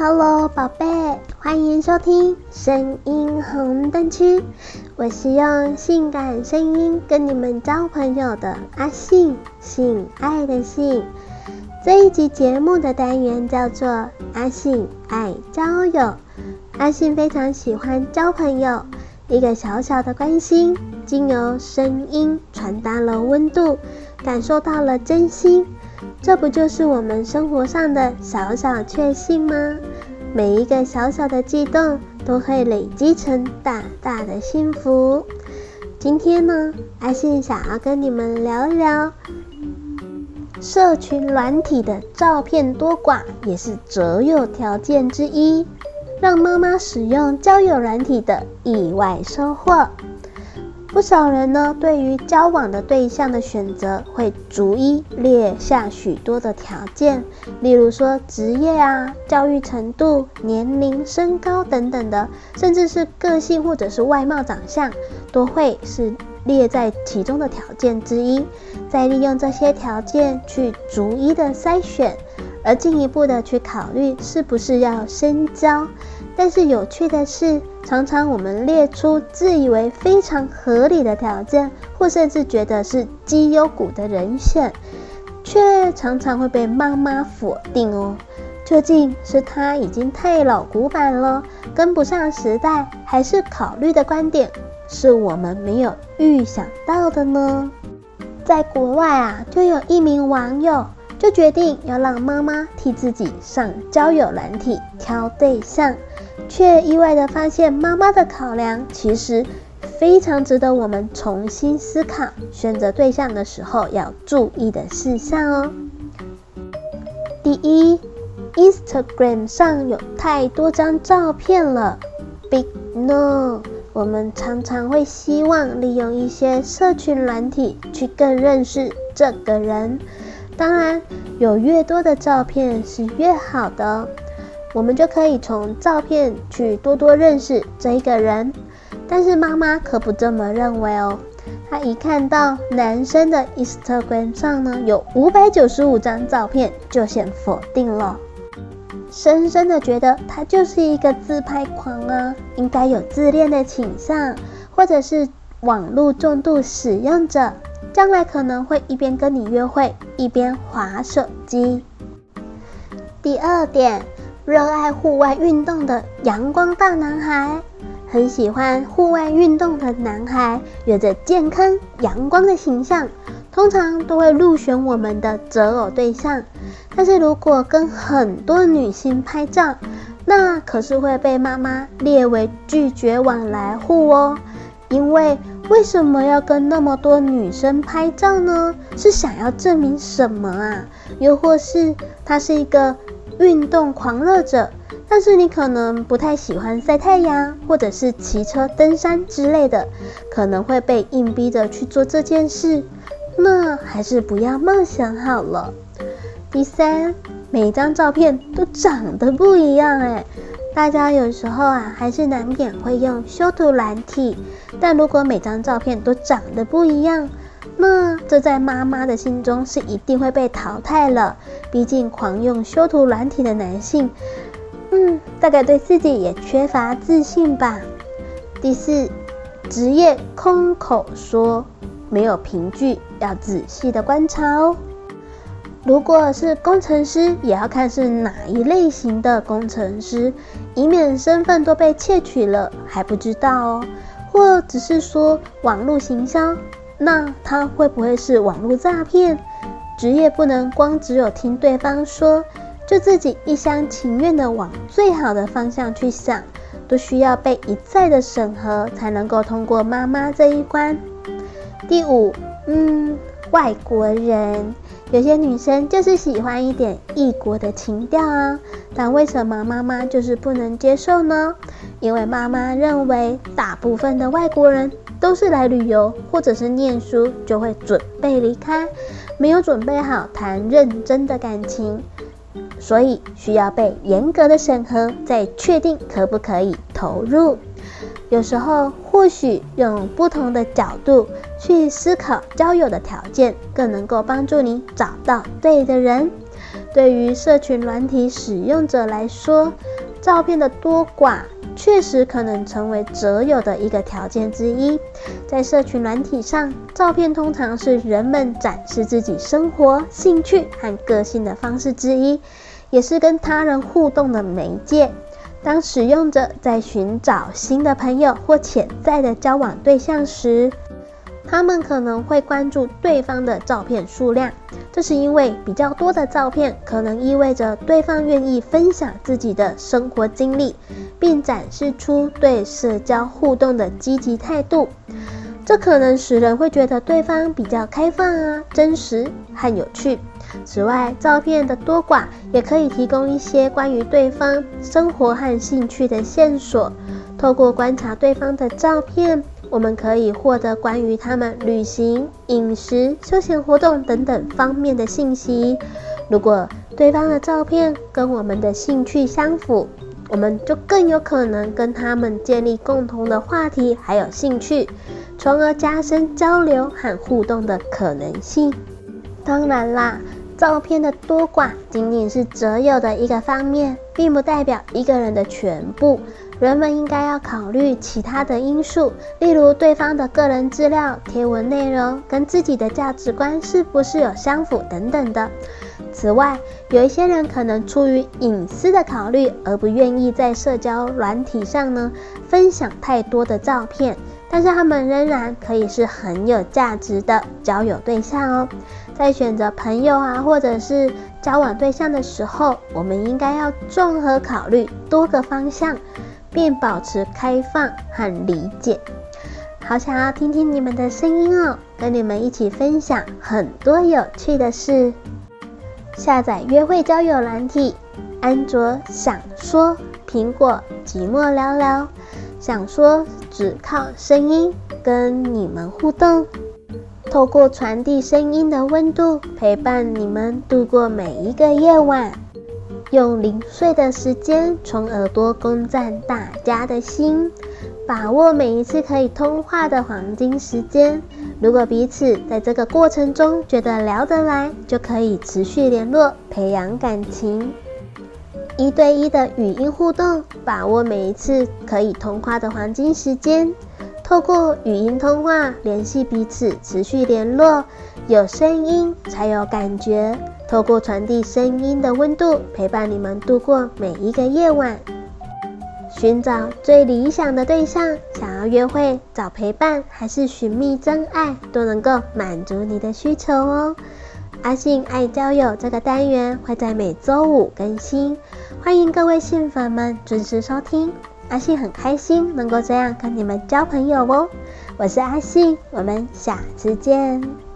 Hello，寶貝，歡迎收聽聲音紅燈區。我是用性感聲音跟你們交朋友的阿性，性愛的性。這一集節目的單元叫做阿性愛交友。阿性非常喜歡交朋友，一個小小的關心，經由聲音傳達了溫度，感受到了真心。這不就是我們生活上的小小確幸嗎？每一個小小的悸動都會累積成大大的幸福。今天呢，阿性想要跟你們聊一聊社群軟體的照片多寡，也是擇友條件之一，讓媽媽使用交友軟體的意外收穫。不少人呢，對於交往的對象的選擇，會逐一列下許多的條件，例如說職業啊、教育程度、年齡、身高等等的，甚至是個性或者是外貌長相，都會是列在其中的條件之一。再利用這些條件去逐一的篩選，而進一步的去考慮是不是要深交。但是有趣的是，常常我們列出自以為非常合理的條件，或甚至覺得是績優股的人選，卻常常會被媽媽否定哦。究竟是他已經太老古板了，跟不上時代，還是考慮的觀點是我們沒有預想到的呢？在國外啊，就有一名網友就決定要讓媽媽替自己上交友軟體挑對象。卻意外地發現，媽媽的考量其實非常值得我們重新思考。選擇對象的時候要注意的事項哦。第一，Instagram 上有太多張照片了。Big No！我們常常會希望利用一些社群軟體去更認識這個人。當然，有越多的照片是越好的哦。我們就可以從照片去多多認識這一個人，但是媽媽可不這麼認為哦。她一看到男生的 Instagram 上呢，有五百九十五張照片，就先否定了，深深的覺得他就是一個自拍狂啊，應該有自戀的傾向，或者是網絡重度使用者，將來可能會一邊跟你約會一邊滑手機。第二點。熱愛戶外運動的陽光大男孩，很喜歡戶外運動的男孩，有着健康陽光的形象，通常都會入選我們的擇偶對象。但是如果跟很多女性拍照，那可是會被媽媽列為拒絕往來戶哦。因為為什麼要跟那麼多女生拍照呢？是想要證明什麼啊？又或是他是一個？運動狂熱者，但是你可能不太喜歡曬太陽，或者是騎車、登山之類的，可能會被硬逼着去做這件事，那還是不要冒險好了。第三，每張照片都長得不一樣哎，大家有時候啊，還是難免會用修圖軟體，但如果每張照片都長得不一樣。那、嗯、這在媽媽的心中是一定會被淘汰了，畢竟狂用修圖軟體的男性，嗯，大概對自己也缺乏自信吧。第四，職業空口說沒有憑據，要仔細的觀察哦。如果是工程師，也要看是哪一類型的工程師，以免身份都被竊取了還不知道哦。或只是說網絡行銷。那他會不會是網絡詐騙？職業不能光只有聽對方說，就自己一廂情願的往最好的方向去想，都需要被一再的審核才能夠通過媽媽這一關。第五，嗯、外國人，有些女生就是喜歡一點異國的情調啊，哦，但為什麼媽媽就是不能接受呢？因為媽媽認為大部分的外國人。都是來旅遊或者是念書，就會準備離開，沒有準備好談認真的感情，所以需要被嚴格的審核，再確定可不可以投入。有時候或許用不同的角度去思考交友的條件，更能夠幫助你找到對的人。對於社群軟體使用者來說，照片的多寡確實可能成為擇友的一個條件之一。在社群軟體上，照片通常是人們展示自己生活、興趣和個性的方式之一，也是跟他人互動的媒介。當使用者在尋找新的朋友或潛在的交往對象時，他們可能會關注對方的照片數量，這是因為比較多的照片可能意味着對方願意分享自己的生活經歷，並展示出對社交互動的積極態度。這可能使人會覺得對方比較開放啊、真實和有趣。此外，照片的多寡也可以提供一些關於對方生活和興趣的線索，透過觀察對方的照片，我們可以獲得關於他們旅行、飲食、休閒活動等等方面的信息。如果對方的照片跟我們的興趣相符，我們就更有可能跟他們建立共同的話題還有興趣，從而加深交流和互動的可能性。當然啦。照片的多寡，僅僅是擇友的一個方面，並不代表一個人的全部。人們應該要考慮其他的因素，例如對方的個人資料、貼文內容跟自己的價值觀是不是有相符等等的。此外，有一些人可能出於隱私的考慮，而不願意在社交軟體上呢分享太多的照片。但是他們仍然可以是很有價值的交友對象哦。在選擇朋友啊，或者是交往對象的時候，我們應該要綜合考慮多個方向，並保持開放和理解。好，想要聽聽你們的聲音哦，跟你們一起分享很多有趣的事。下載約會交友軟體，安卓享說，蘋果寂寞聊聊，享說。只靠聲音跟你們互動，透過傳遞聲音的溫度，陪伴你們度過每一個夜晚。用零碎的時間從耳朵攻占大家的心，把握每一次可以通話的黃金時間。如果彼此在這個過程中覺得聊得來，就可以持續聯絡，培養感情。一對一的語音互動，把握每一次可以通話的黃金時間，透過語音通話聯繫彼此，持續聯絡。有聲音才有感覺，透過傳遞聲音的溫度，陪伴你們度過每一個夜晚。尋找最理想的對象，想要約會找陪伴，還是尋覓真愛，都能夠滿足你的需求哦。阿性愛交友這個單元會在每週五更新，歡迎各位性粉們準時收聽。阿性很開心能夠這樣跟你們交朋友哦，我是阿性，我們下次見。